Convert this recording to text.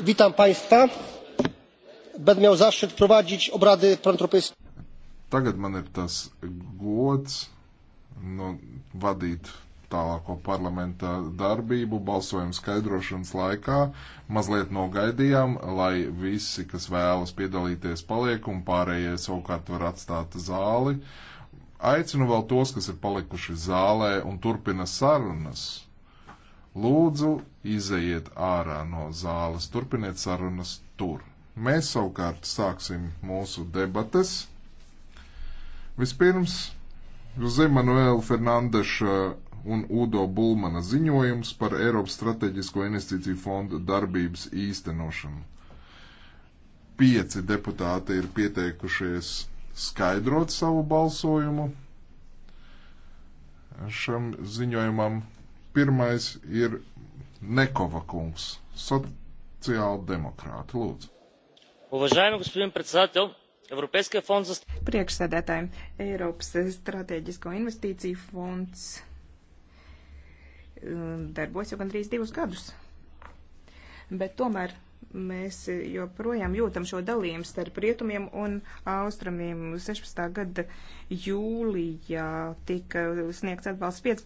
witam państwa będę miał zaszczyt prowadzić obrady paneuropejskiego Tagad man ir tas gods nu, vadīt tālāko parlamenta darbību balsojumu skaidrošanas laikā. Mazliet nogaidījām, lai visi, kas vēlas piedalīties, paliek un pārējie savukārt var atstāt zāli. Aicinu vēl tos, kas ir palikuši zālē un turpina sarunas Lūdzu, izejiet ārā no zāles, turpiniet sarunas tur. Mēs savukārt sāksim mūsu debates. Vispirms Jose Manuela Fernandeša uh, un Udo Bulmana ziņojums par Eiropas Strateģisko investīciju fondu darbības īstenošanu. Pieci deputāti ir pieteikušies skaidrot savu balsojumu šam ziņojumam Pirmais ir Nekova kungs, sociāldemokrāti. Lūdzu. Уважаеми господин председател, Европейския фонд за... Priekšsēdētājiem Eiropas strateģisko investīciju fonds eh, darbos jau gandrīz divus gadus. Bet tomēr mēs joprojām jūtam šo dalījumu starp rietumiem un austrumiem. 16. gada jūlijā tika sniegts atbalsts 5.